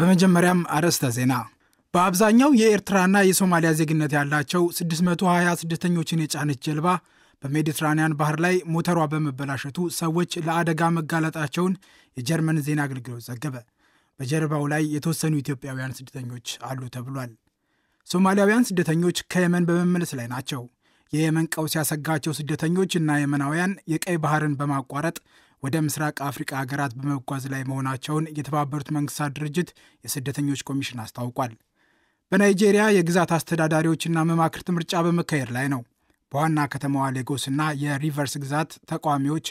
በመጀመሪያም አርዕስተ ዜና በአብዛኛው የኤርትራና የሶማሊያ ዜግነት ያላቸው 620 ስደተኞችን የጫነች ጀልባ በሜዲትራንያን ባህር ላይ ሞተሯ በመበላሸቱ ሰዎች ለአደጋ መጋለጣቸውን የጀርመን ዜና አገልግሎት ዘገበ። በጀልባው ላይ የተወሰኑ ኢትዮጵያውያን ስደተኞች አሉ ተብሏል። ሶማሊያውያን ስደተኞች ከየመን በመመለስ ላይ ናቸው። የየመን ቀውስ ያሰጋቸው ስደተኞች እና የመናውያን የቀይ ባህርን በማቋረጥ ወደ ምስራቅ አፍሪካ ሀገራት በመጓዝ ላይ መሆናቸውን የተባበሩት መንግስታት ድርጅት የስደተኞች ኮሚሽን አስታውቋል። በናይጄሪያ የግዛት አስተዳዳሪዎችና መማክርት ምርጫ በመካሄድ ላይ ነው። በዋና ከተማዋ ሌጎስና የሪቨርስ ግዛት ተቃዋሚዎች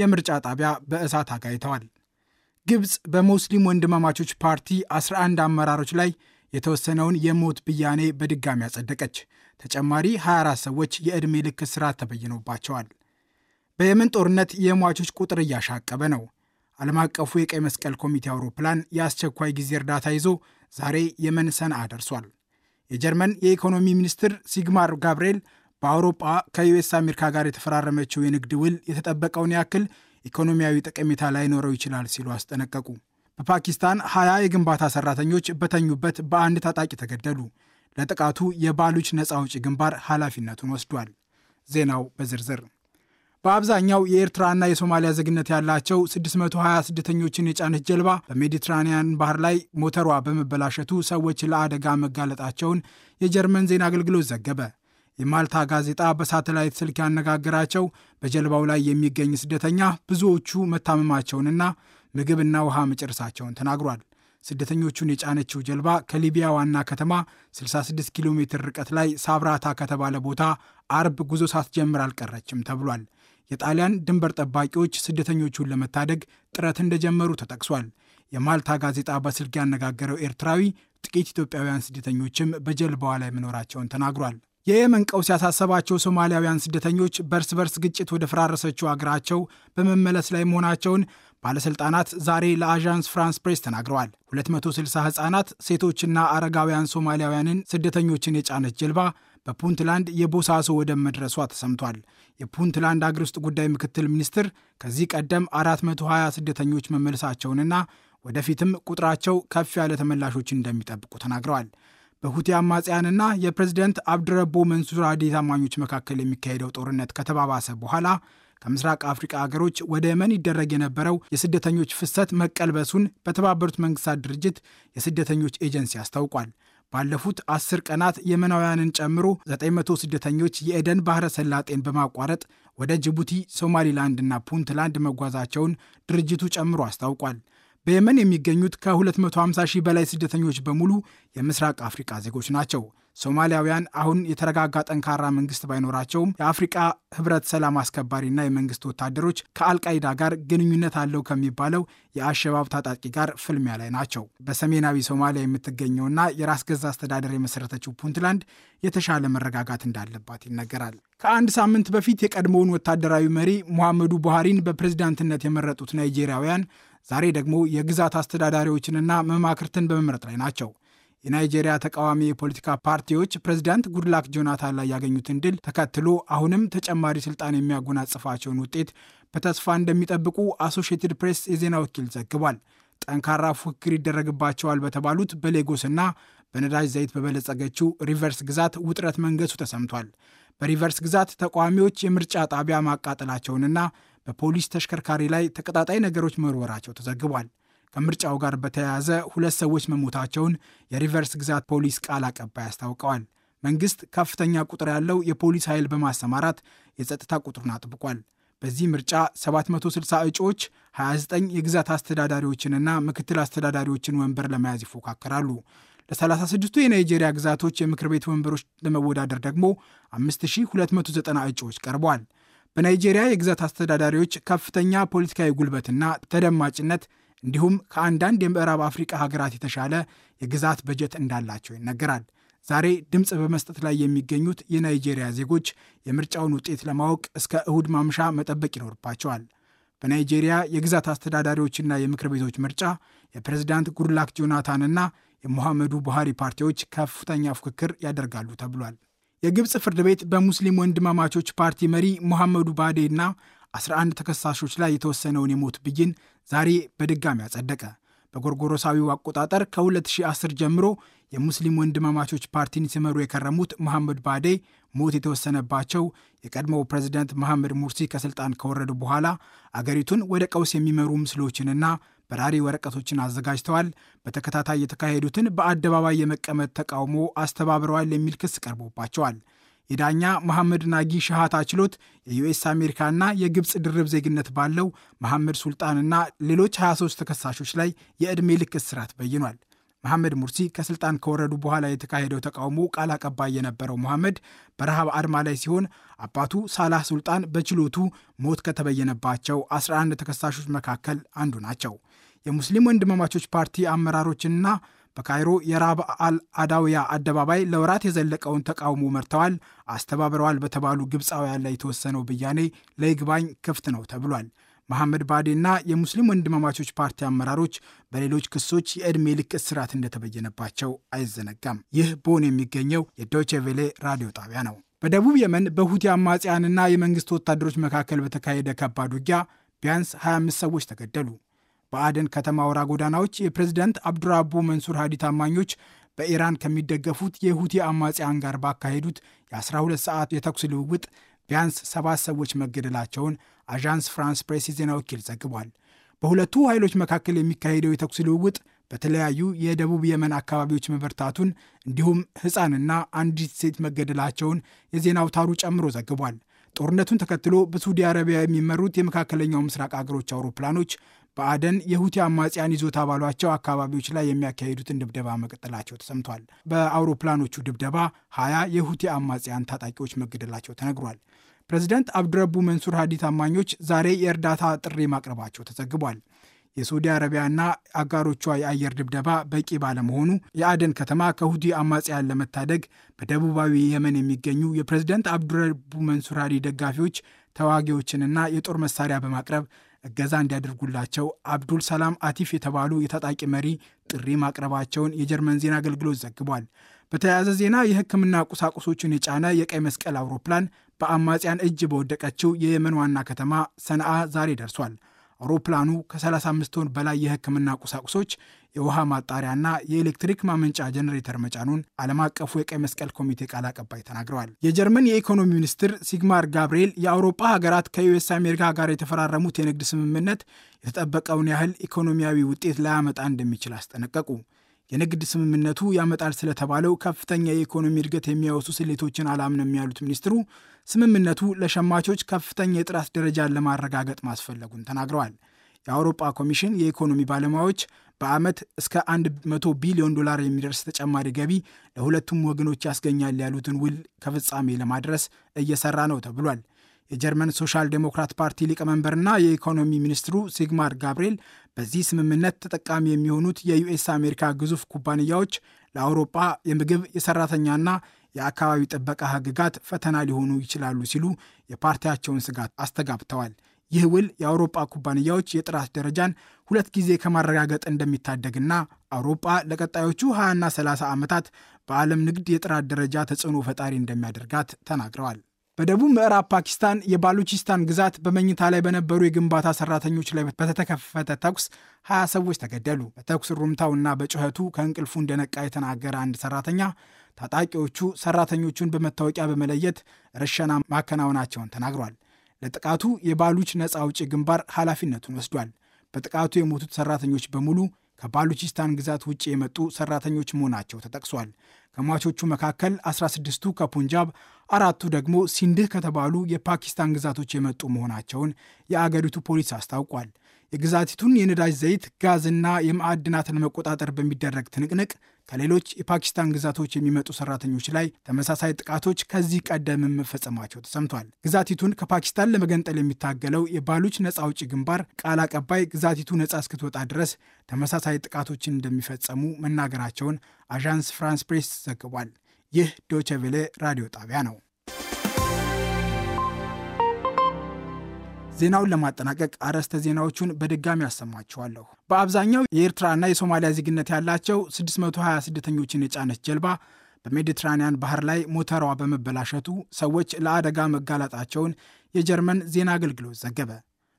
የምርጫ ጣቢያ በእሳት አጋይተዋል። ግብፅ በሙስሊም ወንድማማቾች ፓርቲ 11 አመራሮች ላይ የተወሰነውን የሞት ብያኔ በድጋሚ አጸደቀች። ተጨማሪ 24 ሰዎች የዕድሜ ልክ እስራት ተበይኖባቸዋል። በየመን ጦርነት የሟቾች ቁጥር እያሻቀበ ነው። ዓለም አቀፉ የቀይ መስቀል ኮሚቴ አውሮፕላን የአስቸኳይ ጊዜ እርዳታ ይዞ ዛሬ የመን ሰንዓ ደርሷል። የጀርመን የኢኮኖሚ ሚኒስትር ሲግማር ጋብርኤል በአውሮጳ ከዩኤስ አሜሪካ ጋር የተፈራረመችው የንግድ ውል የተጠበቀውን ያክል ኢኮኖሚያዊ ጠቀሜታ ላይኖረው ይችላል ሲሉ አስጠነቀቁ። በፓኪስታን ሀያ የግንባታ ሰራተኞች በተኙበት በአንድ ታጣቂ ተገደሉ። ለጥቃቱ የባሉች ነፃ አውጪ ግንባር ኃላፊነቱን ወስዷል። ዜናው በዝርዝር በአብዛኛው የኤርትራና የሶማሊያ ዜግነት ያላቸው 620 ስደተኞችን የጫነች ጀልባ በሜዲትራኒያን ባህር ላይ ሞተሯ በመበላሸቱ ሰዎች ለአደጋ መጋለጣቸውን የጀርመን ዜና አገልግሎት ዘገበ። የማልታ ጋዜጣ በሳተላይት ስልክ ያነጋገራቸው በጀልባው ላይ የሚገኝ ስደተኛ ብዙዎቹ መታመማቸውንና ምግብና ውሃ መጨረሳቸውን ተናግሯል። ስደተኞቹን የጫነችው ጀልባ ከሊቢያ ዋና ከተማ 66 ኪሎ ሜትር ርቀት ላይ ሳብራታ ከተባለ ቦታ አርብ ጉዞ ሳትጀምር አልቀረችም ተብሏል። የጣሊያን ድንበር ጠባቂዎች ስደተኞቹን ለመታደግ ጥረት እንደጀመሩ ተጠቅሷል። የማልታ ጋዜጣ በስልክ ያነጋገረው ኤርትራዊ ጥቂት ኢትዮጵያውያን ስደተኞችም በጀልባዋ ላይ መኖራቸውን ተናግሯል። የየመን ቀውስ ያሳሰባቸው ሶማሊያውያን ስደተኞች በእርስ በርስ ግጭት ወደ ፈራረሰችው አገራቸው በመመለስ ላይ መሆናቸውን ባለሥልጣናት ዛሬ ለአዣንስ ፍራንስ ፕሬስ ተናግረዋል። 260 ሕፃናት፣ ሴቶችና አረጋውያን ሶማሊያውያንን ስደተኞችን የጫነች ጀልባ በፑንትላንድ የቦሳሶ ወደብ መድረሷ ተሰምቷል። የፑንትላንድ አገር ውስጥ ጉዳይ ምክትል ሚኒስትር ከዚህ ቀደም 420 ስደተኞች መመለሳቸውንና ወደፊትም ቁጥራቸው ከፍ ያለ ተመላሾችን እንደሚጠብቁ ተናግረዋል። በሁቲ አማጽያንና የፕሬዝደንት አብድረቦ መንሱር ሃዲ ታማኞች መካከል የሚካሄደው ጦርነት ከተባባሰ በኋላ ከምስራቅ አፍሪቃ አገሮች ወደ የመን ይደረግ የነበረው የስደተኞች ፍሰት መቀልበሱን በተባበሩት መንግስታት ድርጅት የስደተኞች ኤጀንሲ አስታውቋል። ባለፉት አስር ቀናት የመናውያንን ጨምሮ 900 ስደተኞች የኤደን ባህረ ሰላጤን በማቋረጥ ወደ ጅቡቲ፣ ሶማሊላንድ እና ፑንትላንድ መጓዛቸውን ድርጅቱ ጨምሮ አስታውቋል። በየመን የሚገኙት ከ250 ሺህ በላይ ስደተኞች በሙሉ የምስራቅ አፍሪቃ ዜጎች ናቸው። ሶማሊያውያን አሁን የተረጋጋ ጠንካራ መንግስት ባይኖራቸውም የአፍሪቃ ህብረት ሰላም አስከባሪና የመንግስት ወታደሮች ከአልቃይዳ ጋር ግንኙነት አለው ከሚባለው የአሸባብ ታጣቂ ጋር ፍልሚያ ላይ ናቸው። በሰሜናዊ ሶማሊያ የምትገኘውና የራስ ገዛ አስተዳደር የመሰረተችው ፑንትላንድ የተሻለ መረጋጋት እንዳለባት ይነገራል። ከአንድ ሳምንት በፊት የቀድሞውን ወታደራዊ መሪ ሙሐመዱ ቡሃሪን በፕሬዝዳንትነት የመረጡት ናይጄሪያውያን ዛሬ ደግሞ የግዛት አስተዳዳሪዎችንና መማክርትን በመምረጥ ላይ ናቸው። የናይጄሪያ ተቃዋሚ የፖለቲካ ፓርቲዎች ፕሬዚዳንት ጉድላክ ጆናታን ላይ ያገኙትን ድል ተከትሎ አሁንም ተጨማሪ ስልጣን የሚያጎናጽፋቸውን ውጤት በተስፋ እንደሚጠብቁ አሶሺየትድ ፕሬስ የዜና ወኪል ዘግቧል። ጠንካራ ፉክክር ይደረግባቸዋል በተባሉት በሌጎስና በነዳጅ ዘይት በበለጸገችው ሪቨርስ ግዛት ውጥረት መንገሱ ተሰምቷል። በሪቨርስ ግዛት ተቃዋሚዎች የምርጫ ጣቢያ ማቃጠላቸውንና በፖሊስ ተሽከርካሪ ላይ ተቀጣጣይ ነገሮች መወርወራቸው ተዘግቧል። ከምርጫው ጋር በተያያዘ ሁለት ሰዎች መሞታቸውን የሪቨርስ ግዛት ፖሊስ ቃል አቀባይ አስታውቀዋል። መንግስት ከፍተኛ ቁጥር ያለው የፖሊስ ኃይል በማሰማራት የጸጥታ ቁጥሩን አጥብቋል። በዚህ ምርጫ 760 እጩዎች 29 የግዛት አስተዳዳሪዎችንና ምክትል አስተዳዳሪዎችን ወንበር ለመያዝ ይፎካከራሉ። ለ36ቱ የናይጄሪያ ግዛቶች የምክር ቤት ወንበሮች ለመወዳደር ደግሞ 5290 እጩዎች ቀርበዋል። በናይጄሪያ የግዛት አስተዳዳሪዎች ከፍተኛ ፖለቲካዊ ጉልበትና ተደማጭነት እንዲሁም ከአንዳንድ የምዕራብ አፍሪቃ ሀገራት የተሻለ የግዛት በጀት እንዳላቸው ይነገራል። ዛሬ ድምፅ በመስጠት ላይ የሚገኙት የናይጄሪያ ዜጎች የምርጫውን ውጤት ለማወቅ እስከ እሁድ ማምሻ መጠበቅ ይኖርባቸዋል። በናይጄሪያ የግዛት አስተዳዳሪዎችና የምክር ቤቶች ምርጫ የፕሬዝዳንት ጉድላክ ጆናታንና የሙሐመዱ ቡሃሪ ፓርቲዎች ከፍተኛ ፉክክር ያደርጋሉ ተብሏል። የግብፅ ፍርድ ቤት በሙስሊም ወንድማማቾች ፓርቲ መሪ ሙሐመዱ ባዴ እና 11 ተከሳሾች ላይ የተወሰነውን የሞት ብይን ዛሬ በድጋሚ አጸደቀ። በጎርጎሮሳዊው አቆጣጠር ከ2010 ጀምሮ የሙስሊም ወንድማማቾች ፓርቲን ሲመሩ የከረሙት መሐመድ ባዴ ሞት የተወሰነባቸው የቀድሞው ፕሬዚደንት መሐመድ ሙርሲ ከስልጣን ከወረዱ በኋላ አገሪቱን ወደ ቀውስ የሚመሩ ምስሎችንና በራሪ ወረቀቶችን አዘጋጅተዋል፣ በተከታታይ የተካሄዱትን በአደባባይ የመቀመጥ ተቃውሞ አስተባብረዋል የሚል ክስ ቀርቦባቸዋል። የዳኛ መሐመድ ናጊ ሻሃታ ችሎት የዩኤስ አሜሪካና የግብፅ ድርብ ዜግነት ባለው መሐመድ ሱልጣንና ሌሎች 23 ተከሳሾች ላይ የዕድሜ ልክ እስራት በይኗል። መሐመድ ሙርሲ ከስልጣን ከወረዱ በኋላ የተካሄደው ተቃውሞ ቃል አቀባይ የነበረው መሐመድ በረሃብ አድማ ላይ ሲሆን አባቱ ሳላህ ሱልጣን በችሎቱ ሞት ከተበየነባቸው 11 ተከሳሾች መካከል አንዱ ናቸው። የሙስሊም ወንድማማቾች ፓርቲ አመራሮችና በካይሮ የራብ አል አዳውያ አደባባይ ለወራት የዘለቀውን ተቃውሞ መርተዋል፣ አስተባብረዋል በተባሉ ግብፃውያን ላይ የተወሰነው ብያኔ ለይግባኝ ክፍት ነው ተብሏል። መሐመድ ባዴና የሙስሊም ወንድማማቾች ፓርቲ አመራሮች በሌሎች ክሶች የዕድሜ ልክ እስራት እንደተበየነባቸው አይዘነጋም። ይህ ቦን የሚገኘው የዶይቼ ቬሌ ራዲዮ ጣቢያ ነው። በደቡብ የመን በሁቲ አማጽያንና የመንግስት ወታደሮች መካከል በተካሄደ ከባድ ውጊያ ቢያንስ 25 ሰዎች ተገደሉ። በአደን ከተማ አውራ ጎዳናዎች የፕሬዝደንት አብዱራቡ መንሱር ሀዲ ታማኞች በኢራን ከሚደገፉት የሁቲ አማጽያን ጋር ባካሄዱት የ12 ሰዓት የተኩስ ልውውጥ ቢያንስ ሰባት ሰዎች መገደላቸውን አዣንስ ፍራንስ ፕሬስ የዜና ወኪል ዘግቧል። በሁለቱ ኃይሎች መካከል የሚካሄደው የተኩስ ልውውጥ በተለያዩ የደቡብ የመን አካባቢዎች መበርታቱን እንዲሁም ሕፃንና አንዲት ሴት መገደላቸውን የዜና አውታሩ ጨምሮ ዘግቧል። ጦርነቱን ተከትሎ በሳውዲ አረቢያ የሚመሩት የመካከለኛው ምስራቅ አገሮች አውሮፕላኖች በአደን የሁቲ አማጽያን ይዞታ ባሏቸው አካባቢዎች ላይ የሚያካሂዱትን ድብደባ መቀጠላቸው ተሰምቷል። በአውሮፕላኖቹ ድብደባ ሀያ የሁቲ አማጽያን ታጣቂዎች መገደላቸው ተነግሯል። ፕሬዚደንት አብዱረቡ መንሱር ሀዲ ታማኞች ዛሬ የእርዳታ ጥሪ ማቅረባቸው ተዘግቧል። የሳውዲ አረቢያና አጋሮቿ የአየር ድብደባ በቂ ባለመሆኑ የአደን ከተማ ከሁቲ አማጽያን ለመታደግ በደቡባዊ የመን የሚገኙ የፕሬዚደንት አብዱረቡ መንሱር ሀዲ ደጋፊዎች ተዋጊዎችንና የጦር መሳሪያ በማቅረብ እገዛ እንዲያደርጉላቸው አብዱል ሰላም አቲፍ የተባሉ የታጣቂ መሪ ጥሪ ማቅረባቸውን የጀርመን ዜና አገልግሎት ዘግቧል። በተያያዘ ዜና የሕክምና ቁሳቁሶችን የጫነ የቀይ መስቀል አውሮፕላን በአማጽያን እጅ በወደቀችው የየመን ዋና ከተማ ሰነአ ዛሬ ደርሷል። አውሮፕላኑ ከ35 ቶን በላይ የህክምና ቁሳቁሶች የውሃ ማጣሪያና የኤሌክትሪክ ማመንጫ ጀኔሬተር መጫኑን ዓለም አቀፉ የቀይ መስቀል ኮሚቴ ቃል አቀባይ ተናግረዋል። የጀርመን የኢኮኖሚ ሚኒስትር ሲግማር ጋብርኤል የአውሮፓ ሀገራት ከዩኤስ አሜሪካ ጋር የተፈራረሙት የንግድ ስምምነት የተጠበቀውን ያህል ኢኮኖሚያዊ ውጤት ላያመጣ እንደሚችል አስጠነቀቁ። የንግድ ስምምነቱ ያመጣል ስለተባለው ከፍተኛ የኢኮኖሚ እድገት የሚያወሱ ስሌቶችን አላምንም ያሉት ሚኒስትሩ ስምምነቱ ለሸማቾች ከፍተኛ የጥራት ደረጃን ለማረጋገጥ ማስፈለጉን ተናግረዋል። የአውሮፓ ኮሚሽን የኢኮኖሚ ባለሙያዎች በዓመት እስከ 100 ቢሊዮን ዶላር የሚደርስ ተጨማሪ ገቢ ለሁለቱም ወገኖች ያስገኛል ያሉትን ውል ከፍጻሜ ለማድረስ እየሰራ ነው ተብሏል። የጀርመን ሶሻል ዴሞክራት ፓርቲ ሊቀመንበርና የኢኮኖሚ ሚኒስትሩ ሲግማር ጋብርኤል በዚህ ስምምነት ተጠቃሚ የሚሆኑት የዩኤስ አሜሪካ ግዙፍ ኩባንያዎች ለአውሮጳ የምግብ የሰራተኛና የአካባቢ ጥበቃ ህግጋት ፈተና ሊሆኑ ይችላሉ ሲሉ የፓርቲያቸውን ስጋት አስተጋብተዋል። ይህ ውል የአውሮጳ ኩባንያዎች የጥራት ደረጃን ሁለት ጊዜ ከማረጋገጥ እንደሚታደግና አውሮጳ ለቀጣዮቹ 20ና 30 ዓመታት በዓለም ንግድ የጥራት ደረጃ ተጽዕኖ ፈጣሪ እንደሚያደርጋት ተናግረዋል። በደቡብ ምዕራብ ፓኪስታን የባሉቺስታን ግዛት በመኝታ ላይ በነበሩ የግንባታ ሰራተኞች ላይ በተተከፈተ ተኩስ ሀያ ሰዎች ተገደሉ። በተኩስ ሩምታውና በጩኸቱ ከእንቅልፉ እንደነቃ የተናገረ አንድ ሰራተኛ ታጣቂዎቹ ሰራተኞቹን በመታወቂያ በመለየት ርሸና ማከናወናቸውን ተናግሯል። ለጥቃቱ የባሉች ነፃ አውጪ ግንባር ኃላፊነቱን ወስዷል። በጥቃቱ የሞቱት ሰራተኞች በሙሉ ከባሉቺስታን ግዛት ውጭ የመጡ ሰራተኞች መሆናቸው ተጠቅሷል። ከሟቾቹ መካከል 16ቱ ከፑንጃብ፣ አራቱ ደግሞ ሲንድህ ከተባሉ የፓኪስታን ግዛቶች የመጡ መሆናቸውን የአገሪቱ ፖሊስ አስታውቋል። የግዛቲቱን የነዳጅ ዘይት፣ ጋዝና የማዕድናትን መቆጣጠር በሚደረግ ትንቅንቅ ከሌሎች የፓኪስታን ግዛቶች የሚመጡ ሰራተኞች ላይ ተመሳሳይ ጥቃቶች ከዚህ ቀደም መፈጸማቸው ተሰምቷል። ግዛቲቱን ከፓኪስታን ለመገንጠል የሚታገለው የባሉች ነፃ አውጪ ግንባር ቃል አቀባይ ግዛቲቱ ነፃ እስክትወጣ ድረስ ተመሳሳይ ጥቃቶችን እንደሚፈጸሙ መናገራቸውን አዣንስ ፍራንስ ፕሬስ ዘግቧል። ይህ ዶቸቬሌ ራዲዮ ጣቢያ ነው። ዜናውን ለማጠናቀቅ አርዕስተ ዜናዎቹን በድጋሚ አሰማችኋለሁ። በአብዛኛው የኤርትራና የሶማሊያ ዜግነት ያላቸው 620 ስደተኞችን የጫነች ጀልባ በሜዲትራኒያን ባህር ላይ ሞተሯ በመበላሸቱ ሰዎች ለአደጋ መጋለጣቸውን የጀርመን ዜና አገልግሎት ዘገበ።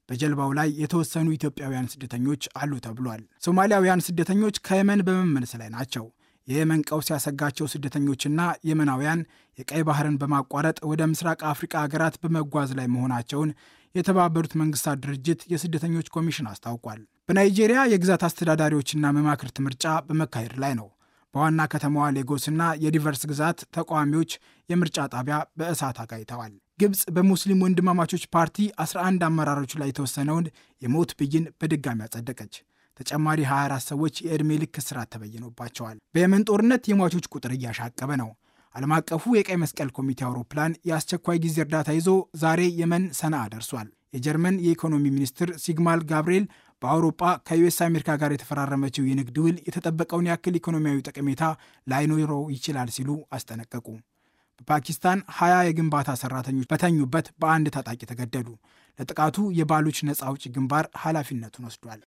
በጀልባው ላይ የተወሰኑ ኢትዮጵያውያን ስደተኞች አሉ ተብሏል። ሶማሊያውያን ስደተኞች ከየመን በመመለስ ላይ ናቸው። የየመን ቀውስ ያሰጋቸው ስደተኞችና የመናውያን የቀይ ባህርን በማቋረጥ ወደ ምስራቅ አፍሪቃ ሀገራት በመጓዝ ላይ መሆናቸውን የተባበሩት መንግስታት ድርጅት የስደተኞች ኮሚሽን አስታውቋል። በናይጄሪያ የግዛት አስተዳዳሪዎችና መማክርት ምርጫ በመካሄድ ላይ ነው። በዋና ከተማዋ ሌጎስና የዲቨርስ ግዛት ተቃዋሚዎች የምርጫ ጣቢያ በእሳት አጋይተዋል። ግብፅ በሙስሊም ወንድማማቾች ፓርቲ 11 አመራሮች ላይ የተወሰነውን የሞት ብይን በድጋሚ አጸደቀች። ተጨማሪ 24 ሰዎች የዕድሜ ልክ እስራት ተበይኖባቸዋል። በየመን ጦርነት የሟቾች ቁጥር እያሻቀበ ነው። ዓለም አቀፉ የቀይ መስቀል ኮሚቴ አውሮፕላን የአስቸኳይ ጊዜ እርዳታ ይዞ ዛሬ የመን ሰንዓ ደርሷል። የጀርመን የኢኮኖሚ ሚኒስትር ሲግማል ጋብርኤል በአውሮፓ ከዩኤስ አሜሪካ ጋር የተፈራረመችው የንግድ ውል የተጠበቀውን ያክል ኢኮኖሚያዊ ጠቀሜታ ላይኖረው ይችላል ሲሉ አስጠነቀቁ። በፓኪስታን 20 የግንባታ ሰራተኞች በተኙበት በአንድ ታጣቂ ተገደሉ። ለጥቃቱ የባሎች ነፃ አውጪ ግንባር ኃላፊነቱን ወስዷል።